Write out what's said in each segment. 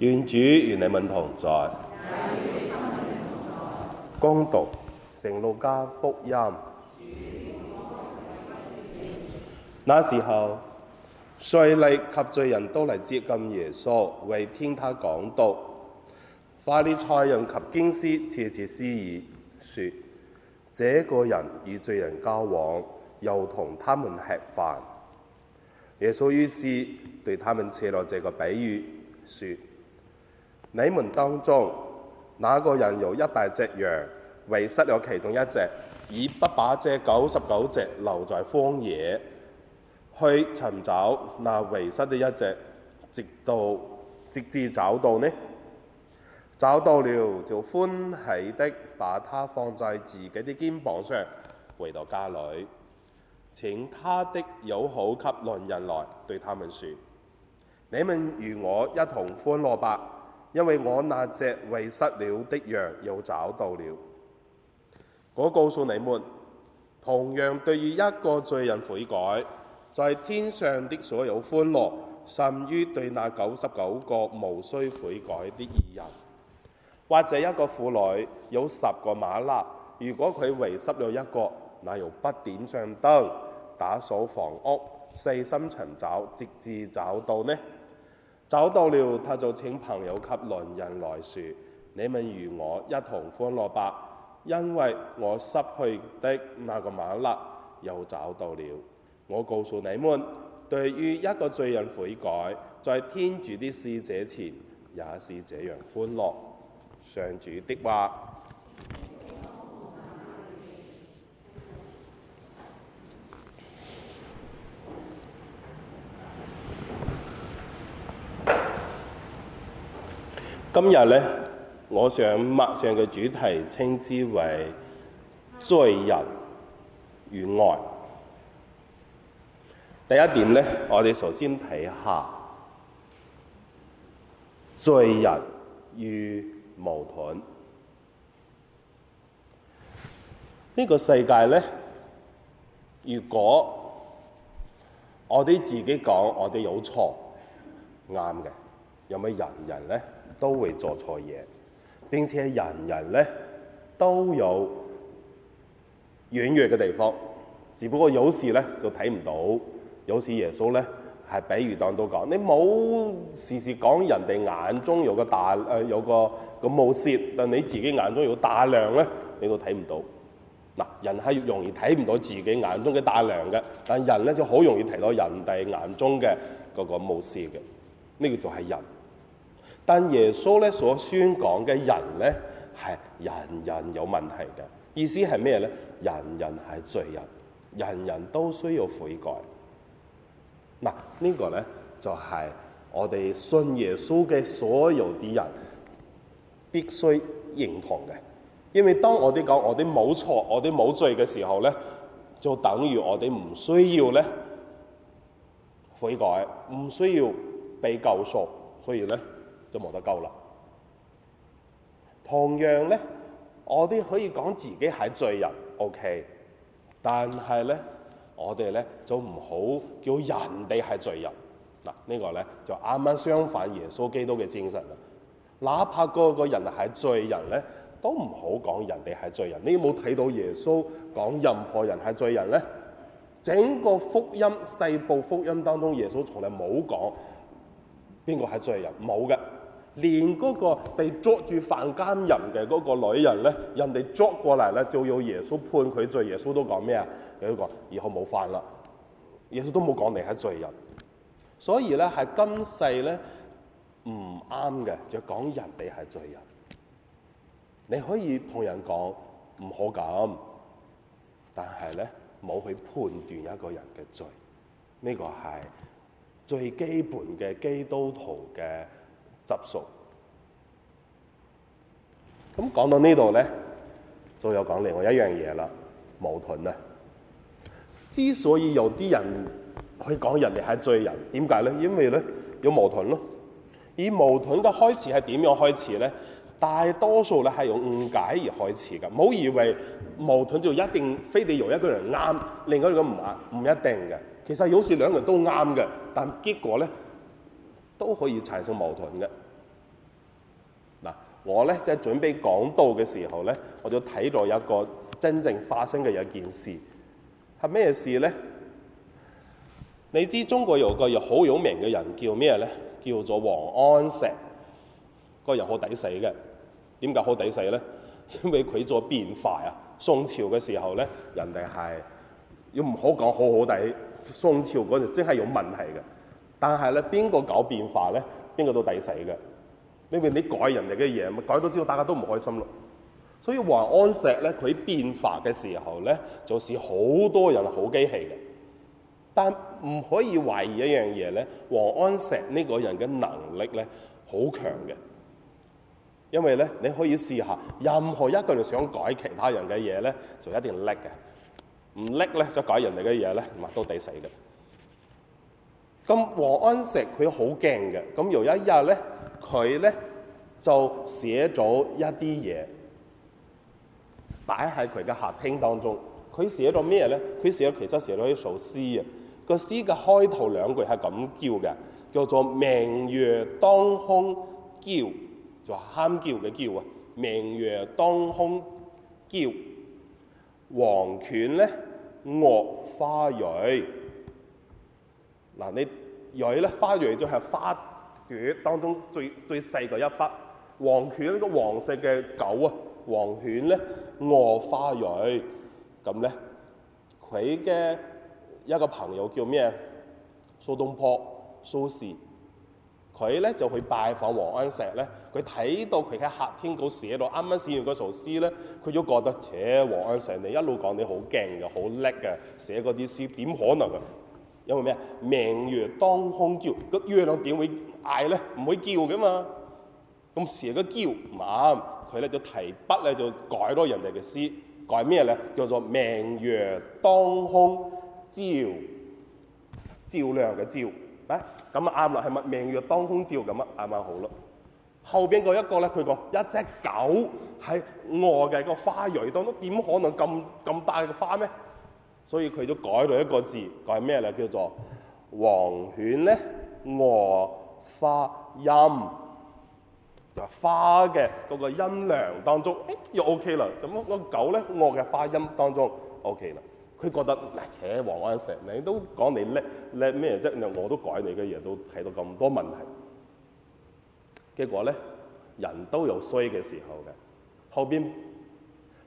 願主與你們同在。恭讀《聖路加福音》。那時候，稅吏及罪人都嚟接近耶穌，為聽他講道。法利賽人及經師竊竊私議，說：這個人與罪人交往，又同他們吃飯。耶穌於是對他們設了這個比喻，說。你們當中哪個人有一大隻羊遺失了其中一隻，而不把這九十九隻留在荒野，去尋找那遺失的一隻，直到直至找到呢？找到了就歡喜的把它放在自己的肩膀上，回到家裏，請他的友好及鄰人來對他們説：你們與我一同歡樂吧。因為我那隻遺失了的羊又找到了，我告訴你們，同樣對於一個罪人悔改，在、就是、天上的所有歡樂，甚於對那九十九個無需悔改的義人。或者一個婦女有十個馬勒，如果佢遺失了一個，那又不點上燈，打掃房屋，細心尋找，直至找到呢？找到了，他就請朋友及鄰人來說：你們與我一同歡樂吧，因為我失去的那個馬勒又找到了。我告訴你們，對於一個罪人悔改，在天主的使者前也是這樣歡樂。上主的話。今日呢，我想默上嘅主題稱之為罪人與愛。第一點呢，我哋首先睇下罪人與矛盾。呢、呢個世界呢，如果我哋自己講，我哋有錯啱嘅，有咩人人呢？都會做錯嘢，並且人人咧都有軟弱嘅地方，只不過有時咧就睇唔到，有時耶穌咧係比喻當都講，你冇時時講人哋眼中有個大誒有個咁木屑，但你自己眼中有大樑咧，你都睇唔到。嗱，人係容易睇唔到自己眼中嘅大樑嘅，但人咧就好容易睇到人哋眼中嘅嗰個木屑嘅，呢個就係人。但耶穌咧所宣講嘅人咧，係人人有問題嘅。意思係咩咧？人人係罪人，人人都需要悔改。嗱、這個，呢個咧就係、是、我哋信耶穌嘅所有啲人必須認同嘅。因為當我哋講我哋冇錯、我哋冇罪嘅時候咧，就等於我哋唔需要咧悔改，唔需要被救贖。所以咧。都冇得救啦。同樣咧，我哋可以講自己係罪人，O K。但係咧，我哋咧就唔好叫人哋係罪人。嗱，呢個咧就啱啱相反耶穌基督嘅精神啦。哪怕個個人係罪人咧，都唔好講人哋係罪人。你冇睇到耶穌講任何人係罪人咧？整個福音細部福音當中，耶穌從來冇講邊個係罪人，冇嘅。連嗰個被捉住犯奸淫嘅嗰個女人咧，人哋捉過嚟咧，就要耶穌判佢罪。耶穌都講咩啊？耶穌講以後冇犯啦。耶穌都冇講你係罪人。所以咧，係今世咧唔啱嘅，就講人哋係罪人。你可以同人講唔好咁，但係咧冇去判斷一個人嘅罪。呢、這個係最基本嘅基督徒嘅。質素。咁講到呢度咧，仲有講另外一樣嘢啦，矛盾啊。之所以有啲人去講人哋係罪人，點解咧？因為咧有矛盾咯。而矛盾嘅開始係點樣開始咧？大多數咧係用誤解而開始嘅。唔好以為矛盾就一定非得由一個人啱，另一個人唔啱，唔一定嘅。其實有時兩人都啱嘅，但結果咧，都可以產生矛盾嘅。嗱，我咧即係準備講到嘅時候咧，我就睇到有一個真正發生嘅一件事，係咩事咧？你知中國有個又好有名嘅人叫咩咧？叫做王安石。嗰人好抵死嘅，點解好抵死咧？因為佢做變化啊！宋朝嘅時候咧，人哋係要唔好講好好地，宋朝嗰陣真係有問題嘅。但係咧，邊個搞變化咧？邊個都抵死嘅。因為你改人哋嘅嘢，咪改到之後大家都唔開心咯。所以王安石咧，佢變化嘅時候咧，就使、是、好多人好機器嘅。但唔可以懷疑一樣嘢咧，王安石呢個人嘅能力咧，好強嘅。因為咧，你可以試下，任何一個人想改其他人嘅嘢咧，就一定叻嘅。唔叻咧，想改人哋嘅嘢咧，咪都抵死嘅。咁王安石佢好驚嘅，咁有一日咧，佢咧就寫咗一啲嘢，擺喺佢嘅客廳當中。佢寫咗咩咧？佢寫其實寫咗一首詩啊。個詩嘅開頭兩句係咁叫嘅，叫做明月當空叫，就喊叫嘅叫啊。明月當空叫，黃犬咧臥花蕊。嗱、啊，你蕊咧，花蕊就係花朵當中最最細嘅一忽。黃犬呢個黃色嘅狗啊，黃犬咧臥花蕊。咁咧，佢嘅一個朋友叫咩？蘇東坡，蘇軾。佢咧就去拜訪王安石咧。佢睇到佢喺客天稿寫到啱啱寫完個首詩咧，佢都覺得，唓王安石，你一路講你好勁嘅，好叻嘅，寫嗰啲詩點可能啊？因為咩啊？明月當空叫個月亮點會嗌咧？唔會叫嘅嘛。咁成蛇嘅叫唔啱，佢咧就提筆咧就改咗人哋嘅詩，改咩咧？叫做明月當空照，照亮嘅照啊。咁啊啱啦，係咪明月當空照咁啊啱啱好咯。後邊嗰一個咧，佢講一隻狗喺我嘅個花蕊當中，點可能咁咁大嘅花咩？所以佢都改咗一個字，改咩咧？叫做黃犬咧，惡發音就是、花嘅嗰個音量當中，欸、又 OK 啦。咁、那、嗰個狗咧，我嘅花音當中 OK 啦。佢覺得嗱、啊，扯王安、啊、石，你都講你叻叻咩啫？你我都改你嘅嘢，都睇到咁多問題。結果咧，人都有衰嘅時候嘅。後邊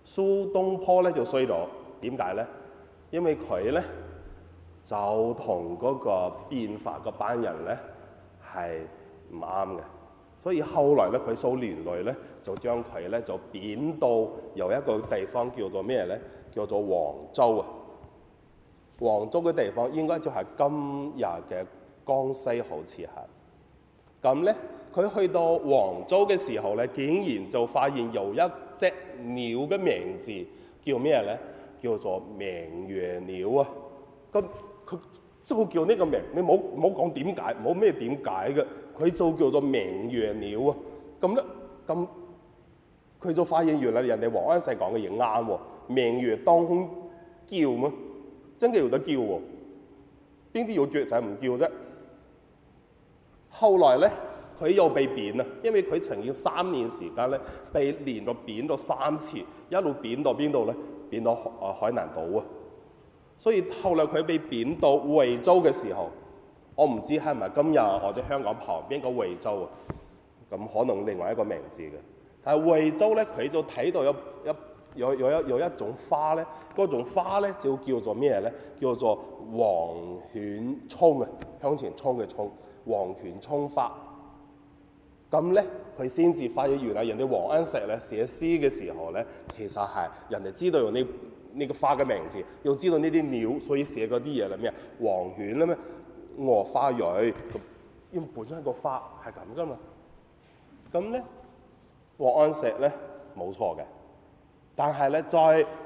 蘇東坡咧就衰咗，點解咧？因為佢咧就同嗰個變法嗰班人咧係唔啱嘅，所以後來咧佢受連累咧就將佢咧就貶到由一個地方叫做咩咧，叫做黃州啊。黃州嘅地方應該就係今日嘅江西好似係。咁咧佢去到黃州嘅時候咧，竟然就發現有一隻鳥嘅名字叫咩咧？叫做明月鳥啊！咁佢就叫呢個名，你冇冇講點解？冇咩點解嘅，佢就叫做明月鳥啊！咁咧咁，佢就發現原來人哋王安石講嘅嘢啱喎，明月當空叫，叫，叫啊，真嘅有得叫喎，邊啲有雀仔唔叫啫？後來咧，佢又被貶啊，因為佢曾經三年時間咧，被連到貶到三次，一路貶到邊度咧？變到啊海南島啊，所以後來佢被貶到惠州嘅時候，我唔知係唔係今日我哋香港旁邊個惠州啊，咁可能另外一個名字嘅，但係惠州咧，佢就睇到有一有有有一有一種花咧，嗰種花咧就叫做咩咧？叫做黃犬衝啊，向前衝嘅衝，黃犬衝花。咁咧，佢先至發現原來人哋王安石咧寫詩嘅時候咧，其實係人哋知道用呢呢、呢個呢個花嘅名字，要知道呢啲鳥，所以寫嗰啲嘢啦。咩啊？黃犬咧咩？臥花蕊，因為本身係個花係咁噶嘛。咁咧，王安石咧冇錯嘅，但係咧，在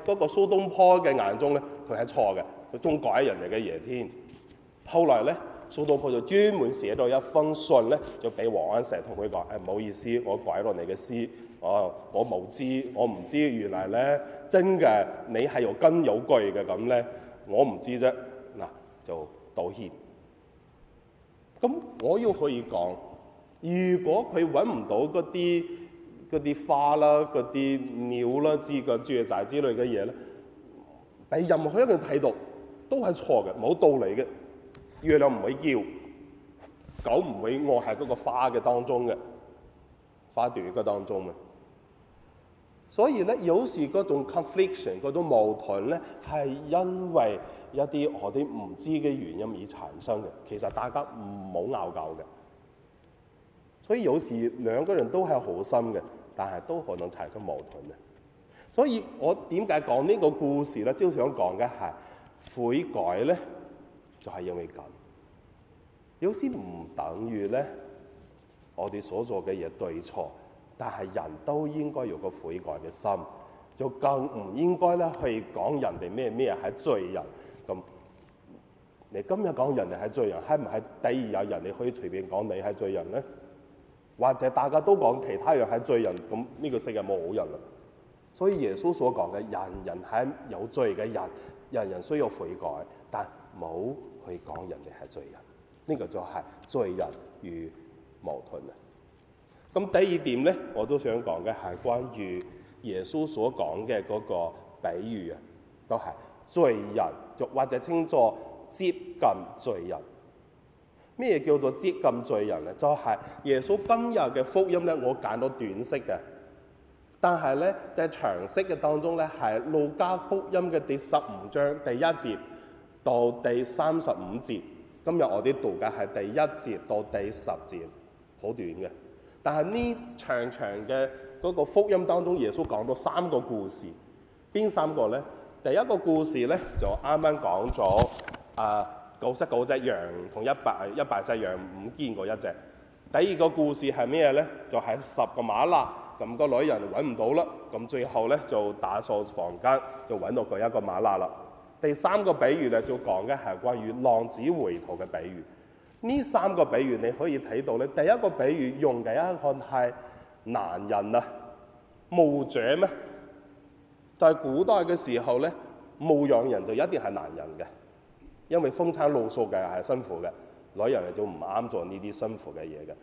嗰個蘇東坡嘅眼中咧，佢係錯嘅，佢仲改人哋嘅嘢添。後來咧。蘇東坡就專門寫咗一封信咧，就俾王安石同佢講：哎，唔好意思，我改落你嘅詩，哦，我冇知，我唔知原來咧真嘅你係有根有據嘅咁咧，我唔知啫。嗱，就道歉。咁我要可以講，如果佢揾唔到嗰啲啲花啦、嗰啲鳥啦之嘅雀仔之類嘅嘢咧，你任何一個人睇到都係錯嘅，冇道理嘅。月亮唔會叫，狗唔會餓喺嗰個花嘅當中嘅花朵嘅當中嘅。所以咧，有時嗰種 confliction，嗰種矛盾咧，係因為一啲我哋唔知嘅原因而產生嘅。其實大家唔好拗撬嘅。所以有時兩個人都係好心嘅，但係都可能產生矛盾啊。所以我點解講呢個故事咧？朝係想講嘅係悔改咧。就係因為咁，有時唔等於咧，我哋所做嘅嘢對錯，但係人都應該有個悔改嘅心，就更唔應該咧去講人哋咩咩係罪人。咁你今日講人哋係罪人，係唔係第二有人你可以隨便講你係罪人咧？或者大家都講其他人係罪人，咁呢個世界冇好人啦。所以耶穌所講嘅人人係有罪嘅人，人人需要悔改，但冇。去講人哋係罪人，呢個就係罪人與矛盾啊！咁第二點咧，我都想講嘅係關於耶穌所講嘅嗰個比喻啊，都係罪人，或或者稱作接近罪人。咩叫做接近罪人咧？就係耶穌今日嘅福音咧，我揀咗短式嘅，但係咧喺長式嘅當中咧，係路加福音嘅第十五章第一節。到第三十五節，今日我哋讀嘅係第一節到第十節，好短嘅。但係呢長長嘅嗰個福音當中，耶穌講到三個故事，邊三個呢？第一個故事呢，就啱啱講咗九十九隻羊同一百一百隻羊唔見過一隻。第二個故事係咩呢？就係、是、十個馬勒，咁、那個女人揾唔到啦，咁最後呢，就打掃房間，就揾到佢一個馬勒啦。第三個比喻咧，就講嘅係關於浪子回頭嘅比喻。呢三個比喻你可以睇到咧，第一個比喻用嘅一看係男人啊，牧者咩？但係古代嘅時候咧，牧羊人就一定係男人嘅，因為風餐露宿嘅係辛苦嘅，女人就唔啱做呢啲辛苦嘅嘢嘅。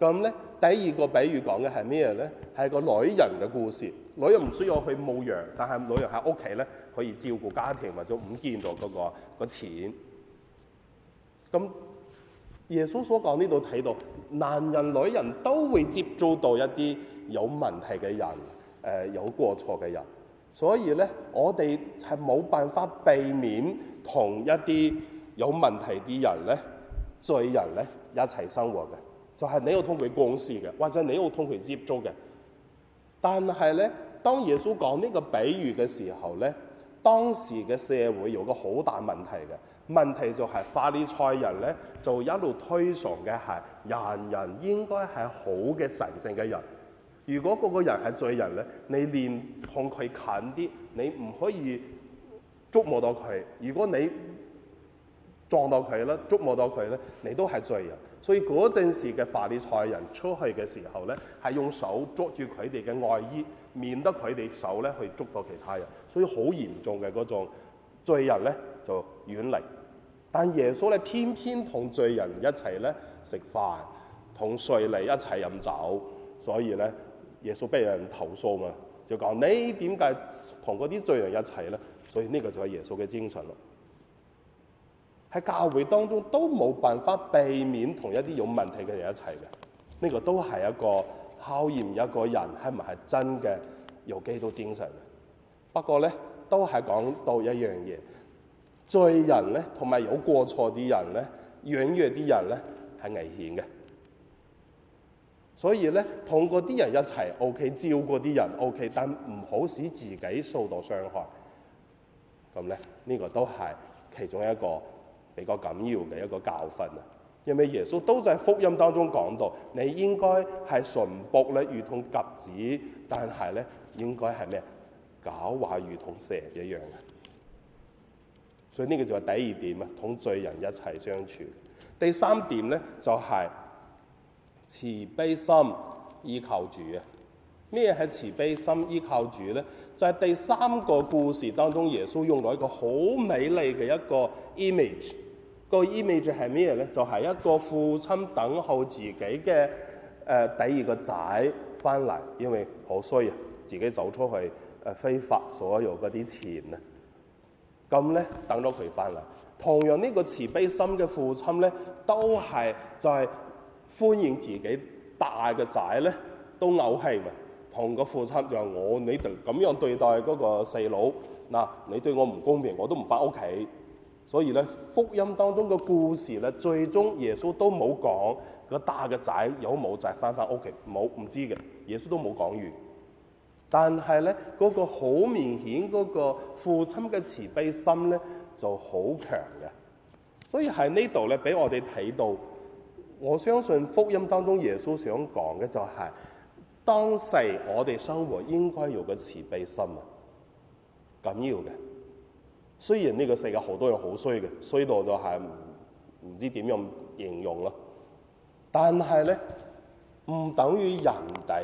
咁咧，第二個比喻講嘅係咩咧？係個女人嘅故事。女人唔需要去牧羊，但係女人喺屋企咧可以照顧家庭或者唔見到嗰、嗰個個錢。咁耶穌所講呢度睇到，男人、女人都會接觸到一啲有問題嘅人，誒、呃、有過錯嘅人。所以咧，我哋係冇辦法避免同一啲有問題啲人咧、罪人咧一齊生活嘅。就係你要同佢共事嘅，或者你要同佢接觸嘅。但係咧，當耶穌講呢個比喻嘅時候咧，當時嘅社會有個好大問題嘅。問題就係、是、法利賽人咧，就一路推崇嘅係人人應該係好嘅神聖嘅人。如果嗰個人係罪人咧，你連同佢近啲，你唔可以觸摸到佢。如果你撞到佢咧，捉摸到佢咧，你都係罪人。所以嗰陣時嘅法利賽人出去嘅時候咧，係用手捉住佢哋嘅外衣，免得佢哋手咧去捉到其他人。所以好嚴重嘅嗰種罪人咧就遠離。但耶穌咧偏偏同罪人一齊咧食飯，同稅吏一齊飲酒。所以咧耶穌俾人投訴啊，就講你點解同嗰啲罪人一齊咧？所以呢個就係耶穌嘅精神咯。喺教會當中都冇辦法避免同一啲有問題嘅人一齊嘅，呢個都係一個考驗一個人係唔係真嘅有基督精神嘅。不過咧，都係講到一樣嘢，罪人咧同埋有過錯啲人咧，軟弱啲人咧係危險嘅。所以咧，同嗰啲人一齊 O.K. 照顧啲人 O.K.，但唔好使自己受到傷害。咁咧，呢個都係其中一個。比較緊要嘅一個教訓啊，因為耶穌都在福音當中講到，你應該係純樸咧，如同鴿子，但係咧應該係咩啊？狡猾如同蛇一樣啊！所以呢個就係第二點啊，同罪人一齊相處。第三點咧就係慈悲心依靠主啊！咩係慈悲心依靠住咧？就係、是、第三個故事當中，耶穌用到一個好美麗嘅一個 image。這個 image 係咩咧？就係、是、一個父親等候自己嘅、呃、第二個仔翻嚟，因為好衰啊，自己走出去、呃、非法所有嗰啲錢啊。咁咧等咗佢翻嚟，同樣呢個慈悲心嘅父親咧，都係就係、是、歡迎自己大嘅仔咧都牛氣同個父親就話我你哋咁樣對待嗰個細佬，嗱你對我唔公平，我都唔返屋企。所以咧，福音當中嘅故事咧，最終耶穌都冇講個大個仔有冇再翻返屋企，冇，唔知嘅，耶穌都冇講完。但係咧，嗰、那個好明顯嗰個父親嘅慈悲心咧就好強嘅。所以喺呢度咧，俾我哋睇到，我相信福音當中耶穌想講嘅就係、是。當世我哋生活應該有嘅慈悲心啊，緊要嘅。雖然呢個世界好多人好衰嘅，衰到就係唔知點樣形容咯。但係咧，唔等於人哋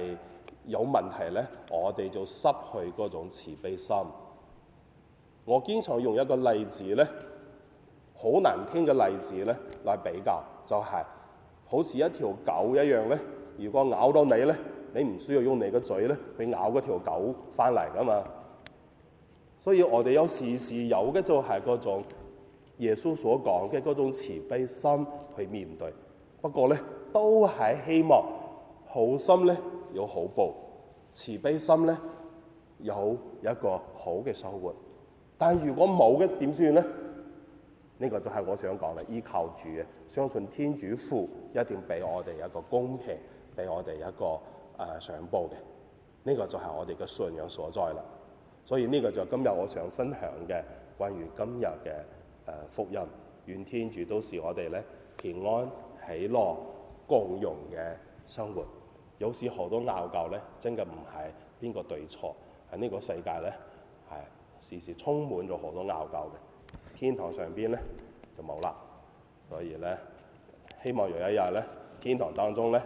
有問題咧，我哋就失去嗰種慈悲心。我經常用一個例子咧，好難聽嘅例子咧，嚟比較就係、是、好似一條狗一樣咧，如果咬到你咧。你唔需要用你個嘴咧去咬嗰條狗翻嚟噶嘛，所以我哋有時時有嘅就係嗰種耶穌所講嘅嗰種慈悲心去面對。不過咧，都係希望好心咧有好報，慈悲心咧有一個好嘅收穫。但如果冇嘅點算咧？呢個就係我想講嘅，依靠主啊！相信天主父一定俾我哋一個公平，俾我哋一個。誒上、呃、報嘅，呢、這個就係我哋嘅信仰所在啦。所以呢個就係今日我想分享嘅，關於今日嘅福音，願天主都是我哋咧平安喜樂共融嘅生活。有時好多拗撬咧，真嘅唔係邊個對錯，喺呢個世界咧係時時充滿咗好多拗撬嘅。天堂上邊咧就冇啦，所以咧希望有一日咧，天堂當中咧。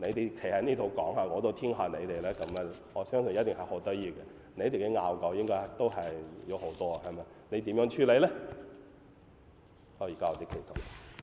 你哋企喺呢度講下，我都聽下你哋咧。咁啊，我相信一定係好得意嘅。你哋嘅拗撬應該都係有好多，係咪？你點樣處理咧？可以交啲期望。